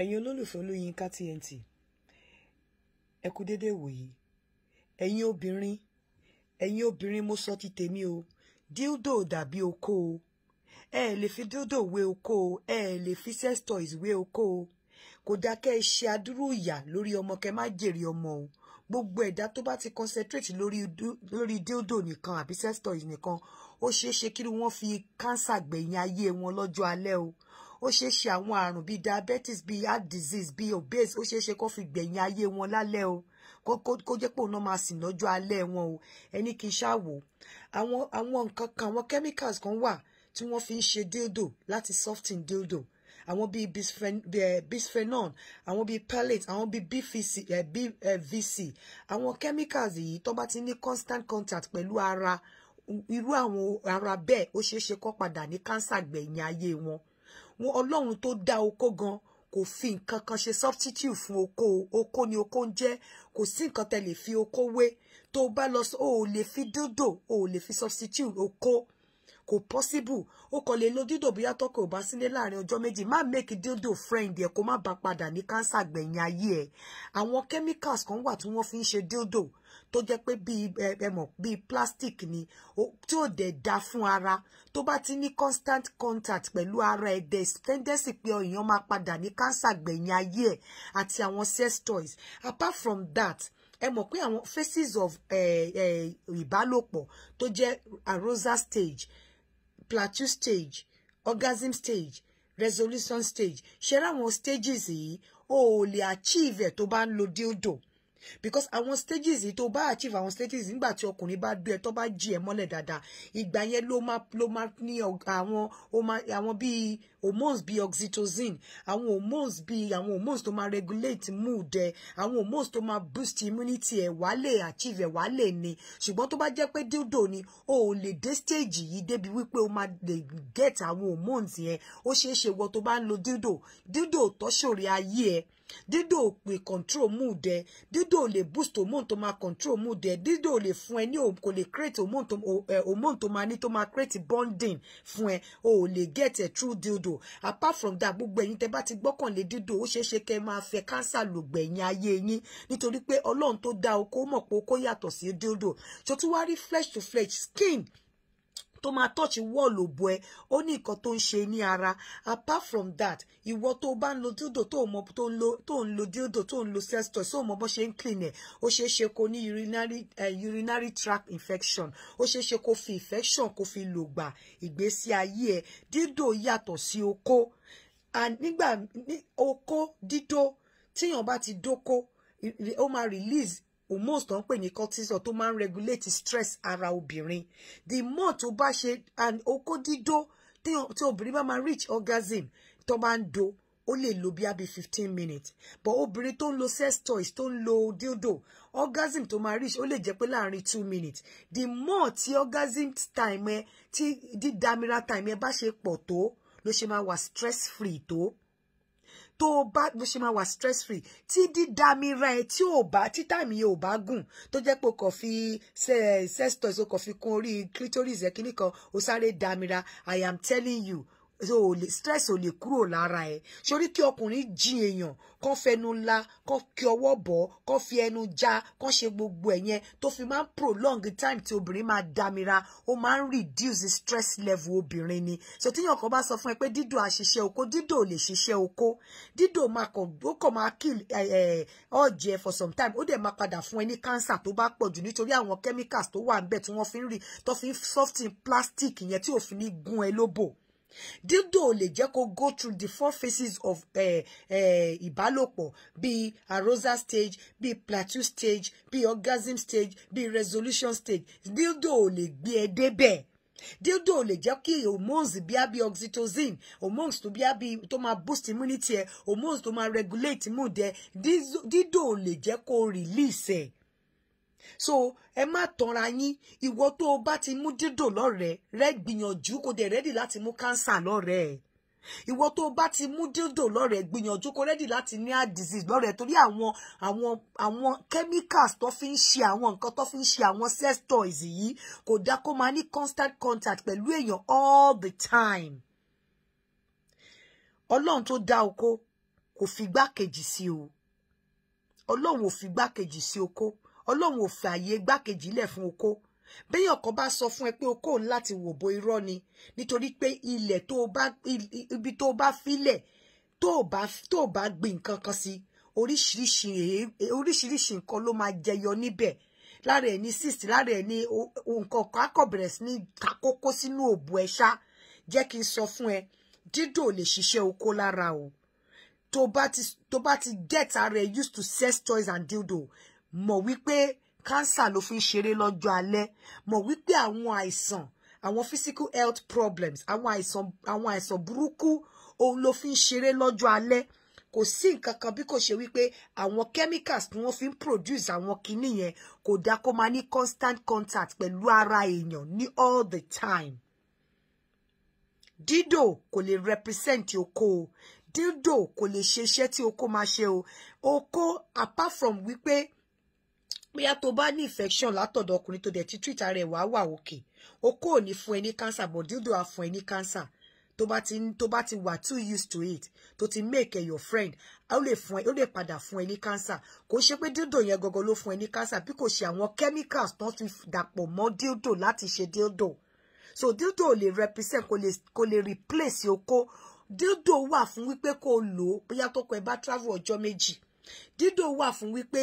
ẹ̀yin olólùfẹ́ olóyinka TNT ẹ kú déédéé wòyí ẹ̀yin obìnrin ẹ̀yin obìnrin mo sọ ti tèmi o dildo dàbí oko o ẹ ẹ lè fi dildo wé oko o ẹ ẹ lè fi sex toys wé oko o kò dáa ẹ ṣe adúrú ìyà lórí ọmọ kẹ́ má jèrè ọmọ o gbogbo ẹ̀dá tó bá ti concentrate lórí lórí dildo nìkan àbí sex toys nìkan ó ṣeé ṣe kí wọ́n fi kánsà gbẹ̀yìn ayé wọn lọ́jọ́ alẹ́ o ó ṣeé ṣe àwọn àrùn bíi diabetes bíi heart disease bíi obese ó ṣeé ṣe kó fi gbẹ̀yìn ayé wọn lálẹ́ o kó jẹ́ pé òun náà máa sìn lọ́jọ́ alẹ́ wọn o ẹni kì í ṣàwò àwọn àwọn nǹkan kan àwọn chemicals kan wà tí wọ́n fi ń ṣe dildo láti soften dildo àwọn bíi bisphenol eh, àwọn bíi pellet àwọn bíi bvc eh, bvc eh, àwọn chemicals yìí tó bá ti ní constant contact pẹ̀lú ara irú àwọn ara bẹ́ẹ̀ ó ṣeé ṣe kó padà ní cancer gbẹ̀yìn ayé wọn wọn ọlọ́run tó dá oko gan kò fi nǹkan kan ṣe substitute fún oko oko ni oko ń jẹ́ kò sí nǹkan tẹ́ lè fi oko wé tó bá lọ sí o ò lè fi dúdò o ò lè fi substitute oko kò possible ó kàn lè lo dídò bóyá tọkọ ò bá sílé láàrin ọjọ́ méjì má make dildo friend ẹ kó má bá padà ní cancer gbẹ̀yìn ayé ẹ àwọn chemicals kan wà tí wọ́n fi ń ṣe dildo tó jẹ́ pé bíi ẹ bíi plastic ni tí ò dẹ̀ da fún ara tó bá ti ní constant contact pẹ̀lú ara ẹ̀ dẹ̀ tendency pé èèyàn máa padà ní cancer gbẹ̀yìn ayé ẹ̀ àti àwọn sex toys apart from that ẹ mọ̀ pé àwọn faces of ìbálòpọ̀ tó jẹ́ arousal stage plateau stage orgasm stage resolution stage ṣe ráwọn stages yìí o ò lè achieve ẹ̀ tó bá ń lo dildo because àwọn stages yìí tó bá achieve àwọn stages nígbà tí ọkùnrin bá dú ẹ tó bá jí ẹ mọ́lẹ̀ dáadáa ìgbà yẹn ló máa ló máa ní àwọn àwọn bíi hormones bíi oxytocin àwọn hormones bíi àwọn hormones tó máa regulate mood ẹ àwọn hormones tó máa boost immunity ẹ wàá lè achieve ẹ wàá lè ní ṣùgbọ́n tó bá jẹ́ pé dildo ni o ò lè dé stage yìí débi wípé o máa lè get àwọn hormones yẹn ó ṣeé ṣe wọ tó bá ń lo dildo dildo tọ́ṣòrí ayé ẹ dídò pè control mood ẹ dídò lè boost hormone tó máa control mood ẹ dídò lè fún ẹ ní kò lè create hormone tó hormone tó máa ní tó máa create bonding fún ẹ o lè get ẹ through dildo apart from that gbogbo ẹ̀yin tẹ́ bá ti gbọ́kànlé dídò ó ṣeé ṣe kẹ́ máa fẹ́ cancer lògbẹ̀yìn ayé yín nítorí pé Ọlọ́run tó dá oko mọ̀ pé oko yàtọ̀ sí dildo tó tún wá rí flesh to flesh skin tó máa touch, wọ́ọ̀lù òbò ẹ ó ní nǹkan tó ń ṣe ní ara apart from that ìwọ tó bá ń lo dildo tó mọ tó ń lo tó ń lo dildo tó ń lo sex toy tó mọ bó ṣe ń clean ẹ ó ṣeé ṣe kó ní urinary uh, urinary tract infection ó ṣeé ṣe kó fi infection kó fi lò gbà ìgbésí ayé ẹ dildo yàtọ̀ sí okó nígbà okó dídó tíyàn bá ti dóko ó máa release hormones tó ń pè ní cortisol tó máa ń regulate stress ara obìnrin the more tó bá ṣe and okó dídó tí obìnrin bá máa reach orgasm to bá ń do ó lè lo bí abi fifteen minutes but obìnrin tó ń lo sex toys tó ń lo dildo orgasm to máa reach ó lè jẹ́ pé láàrin two minutes the more tí orgasm time ẹ tí damira time ẹ bá ṣe pọ̀ tó ló ṣe máa wà stress free tó tó o bá bó ṣe máa stress free tí dídámira ẹ tí ò bá tí táìmì yẹn ò bá gùn tó jẹ́ pé o kàn fi sex toys o kàn fi kún orí clitoris ẹ kíní kan o sáré dámira i am telling you o stress ò lè kúrò lára ẹ sórí kí ọkùnrin jí èèyàn kán fẹnu ńlá kán kí ọwọ́ bọ̀ kán fi ẹnu já kán ṣe gbogbo ẹ̀ tó fi máa ń prolong time tí obìnrin máa damira ó máa ń reduce stress level obìnrin ni so tíyàn kan bá sọ fún ẹ pé dídò àṣìṣe oko dídò ò lè ṣiṣẹ́ oko dídò máa kàn ó kàn máa kill ọ̀jẹ̀ for some time ó dẹ̀ máa padà fún ẹ ní cancer tó bá pọ̀ jù nítorí àwọn chemicals tó wà ń bẹ̀ tí wọ́n fi ń rí tó fi ń soften plastic yẹn tí ò fi ní gún ẹ lóbò dildo ò lè jẹ́ go through the four phases of eh, eh, ìbálòpọ̀ bíi arousal stage bíi plateau stage bíi orgasm stage bíi resolution stage dildo ò lè gbé ẹ débẹ̀ dildo ò lè jẹ́ hormones bí a bí oxytocin hormones tó bí a bí tó máa boost immunity ẹ hormones tó máa regulate mood ẹ dildo ò lè jẹ́ kó release ẹ so ẹ má tanra yín ìwọ tó o bá ti mú dídò lọ́rẹ̀ẹ́ rẹ gbìyànjú kó dẹ̀ rẹ́dì láti mú kánsà lọ́rẹ̀ẹ́ ìwọ tó o bá ti mú dídò lọ́rẹ̀ẹ́ gbìyànjú kó rẹ́dì láti ní heart disease lọ́rẹ̀ẹ́ torí àwọn àwọn àwọn chemicals tó fi ń ṣe àwọn nǹkan tó fi ń ṣe àwọn sex toys yìí kò dá kó máa ní constant contact pẹ̀lú èèyàn all the time ọlọ́run tó dá oko kò fi gbákejì sí o ọlọ́run ò fi gbákejì sí oko ọlọ́run ò fẹ́ àyè igbákejì lẹ̀ fún oko béèyàn kan bá sọ fún ẹ pé oko òun láti wò bo irọ́ ni nítorí pé ilẹ̀ tó bá ibi tó bá filẹ̀ tó bá tó bá gbin nǹkan kan sí oríṣiríṣi e, e, oríṣiríṣi nǹkan ló máa jẹyọ níbẹ̀ lára ẹ̀ ní cyst lára ẹ̀ ní nǹkan kan akọ̀bẹ̀rẹ̀ sí ní takókó sínú òbú ẹ̀ jẹ́ kí n sọ fún ẹ dídò lè ṣiṣẹ́ oko lára o tó bá ti tó bá ti get ara used to sex toys and dildo mọ̀ wípé cancer ló fi ń ṣeré lọ́jọ́ alẹ́ mọ̀ wípé àwọn àìsàn àwọn physical health problems àwọn àìsàn àwọn àìsàn burúkú òun ló fi ń ṣeré lọ́jọ́ alẹ́ kò sí nǹkan kan bí kò ṣe wípé àwọn chemicals tí wọ́n fi ń produce àwọn kinní yẹn kò dá kó máa ní constant contact pẹ̀lú ara èèyàn ní all the time dídò kò lè represent oko o dídò kò lè ṣe iṣẹ́ tí oko máa ṣe o oko apart from wípé bóyá tó bá ní infection látọ̀dọ̀ ọkùnrin tó dẹ̀ ti treat ara ẹ̀ wá wà òkè okó ò ní fún ẹ ní cancer but dildo á fún ẹ ní cancer tó bá ti tó bá ti wà too used to it tó ti make ẹ your friend ó lè fún ẹ ó lè padà fún ẹ ní cancer kò ṣe pé dildo yẹn gọgọ ló fún ẹ ní cancer bí kò ṣe àwọn chemicals tó ti dàpọ̀ mọ́ dildo láti ṣe dildo so dildo ò lè represent kò lè kò lè replace okó dildo wà fún wípé kó lò ó bóyá tó kọ ẹ bá travel ọjọ́ méjì dildo wà fún wípé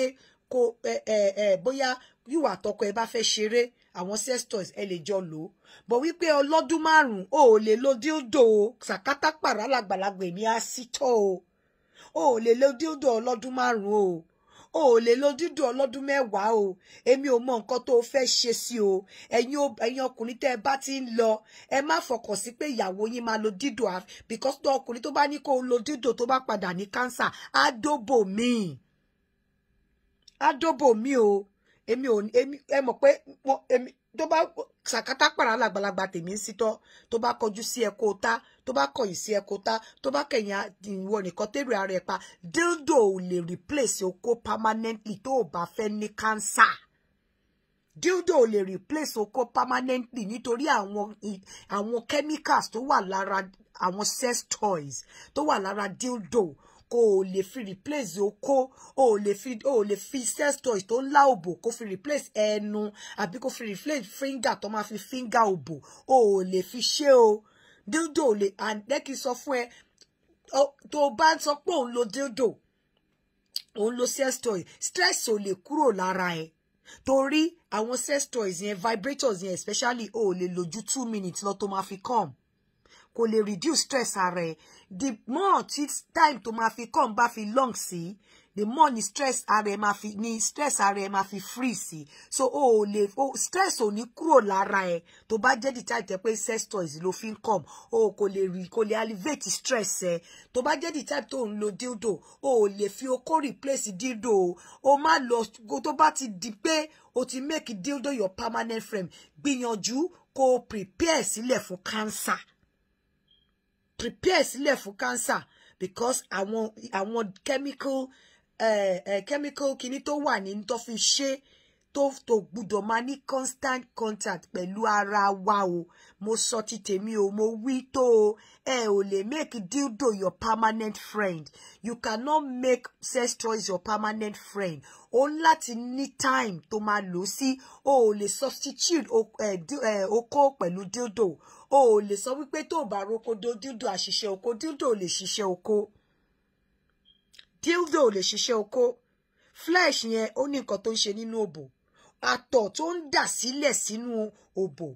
kó ẹ ẹ ẹ bóyá yíwà àtọkọ ẹ bá fẹ́ ṣeré àwọn sex toys ẹ lè jọ lò ó bọ̀ wípé ọlọ́dún márùn-ún ò lè lo díódò o sàkátà pàrà làgbàlagbà èmi á sí tọ́ o ò lè lo díódò ọlọ́dún márùn-ún o o ò lè lo dídò ọlọ́dún mẹ́wàá o èmi ò mọ nǹkan tó o fẹ́ ṣe sí o ẹ̀yin ẹ̀yin ọkùnrin tẹ́ ẹ bá ti ń lọ ẹ má fọkàn sí pé ìyàwó yín máa lo dídò because ọkùnrin tó bá ní kó o lo dídò tó bá padà ní cancer á dóbò míì Adobo mi o èmi ò èmi ẹ mọ̀ pé èmi tó bá sàkátà pàrà làgbàlagbà tèmi ń sítọ́ tó bá kọjú sí ẹ̀kọ́ ta tó bá kọ̀yìn sí ẹ̀kọ́ ta tó bá kẹ̀yìn ìwọ nìkan tẹrù ara ẹ pa dildo ò lè replace oko permanently tó o bá fẹ́ ní cancer dildo ò lè replace oko permanently nítorí àwọn àwọn chemicals tó wà lára àwọn sex toys tó wà lára dildo kò lè fi replace okó o lè fi o lè fi sex toys tó ńlá òbò kó fi replace ẹnu àbí kó fi replace finger to máa fi finger òbò o lè fi ṣe o dildo lè and lẹ́kì sọ fún ẹ to bá sọ pé òun lo dildo òun lo sex toy stress ò lè kúrò lára ẹ torí àwọn sex toys yẹn vibrators yẹn especially o lè loju two minutes lọ tó máa fi come kò lè reduce stress ara ẹ̀ the more tí time to máa fi come bá fi long si. the more ni stress ara ẹ̀ máa fi ni stress ara ẹ̀ máa fi free si. so o ò lè o stress ò ní kúrò lára ẹ̀ tó bá jẹ́ the type tẹ pé sex toys lo fi ń come o kò le rí kò lè alleviate stress ẹ̀ To ba jẹ́ the type to ń lo dildo o ò lè fi okó replace dildo o o má go to ba ti di pe. o ti make dildo your permanent frame gbìyànjú kó o prepare sílẹ̀ fún cancer prepare sílẹ̀ fún cancer because àwọn àwọn chemical uh, uh, chemical kinní tó wà ní tó fi ṣe é tó tó gbúdọ̀ máa ní constant contact pẹ̀lú ara wa o mo sọ ti tèmi o mo wí tó o ẹ ò lè make dildo your permanent friend you cannot make sex toys your permanent friend o ń láti ní time tó máa lò sí o ò lè substitute okó pẹ̀lú dildo o ò lè sọ wípé tó o bá roko dildo àṣìṣe oko dildo ò lè ṣiṣẹ́ oko dildo ò lè ṣiṣẹ́ oko flesh yẹn ó ní nǹkan tó ń ṣe nínú òbò àtọ̀ tó ń dà sílẹ̀ sínú òbò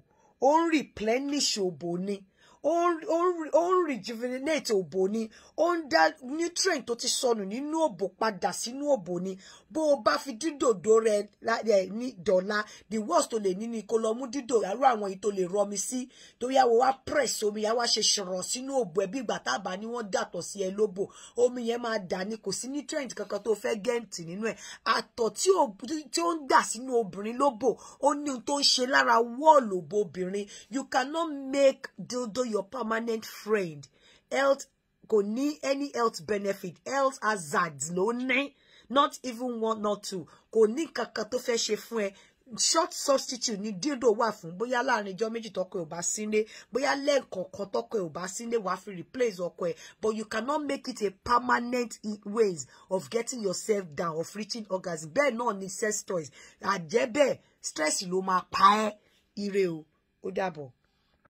ó ń replenish òbò ni ó ń rejuvenate òbò ni ó ń dá nutrient tó ti sọnù nínú òbò padà sínú òbò ni bó o bá fi dídòdó rẹ ní dọ̀la the worst tó lè ní ni kó lọ mú dídò àrùn àwọn èyí tó lè rọmi sí tó yá wo wá press omi yá wá ṣe ṣọ̀rọ̀ sínú òbò ẹ bí ìgbà tábà ni wọ́n dàtọ̀ sí ẹ lóbò omi yẹn máa dà ní kò sí nutrient kankan tó fẹ́ gẹ́ǹtì nínú ẹ̀ àtọ̀ tí ó ń dà sínú obìnrin lóbò ó ní ohun tó ń ṣe lára wọ́ọ̀lù òbò obìnrin you cannot make dodo your permanent friend health kò ní any health benefit health hazards no ní not even one not two kò ní kankan tó fẹ́ short substitute ni dildo wà fún bóyá láàrin ijọ́ méjì tọkọ ẹ̀ ò bá sílé bóyá lẹ́ẹ̀kọ̀ọ̀kan tọkọ ẹ̀ fi replace ọkọ but you cannot make it a permanent ways of getting yourself down of reaching orgasm bẹ́ẹ̀ no ni sex toys àjẹ́bẹ́ẹ̀ stress ló máa pa ẹ́ ire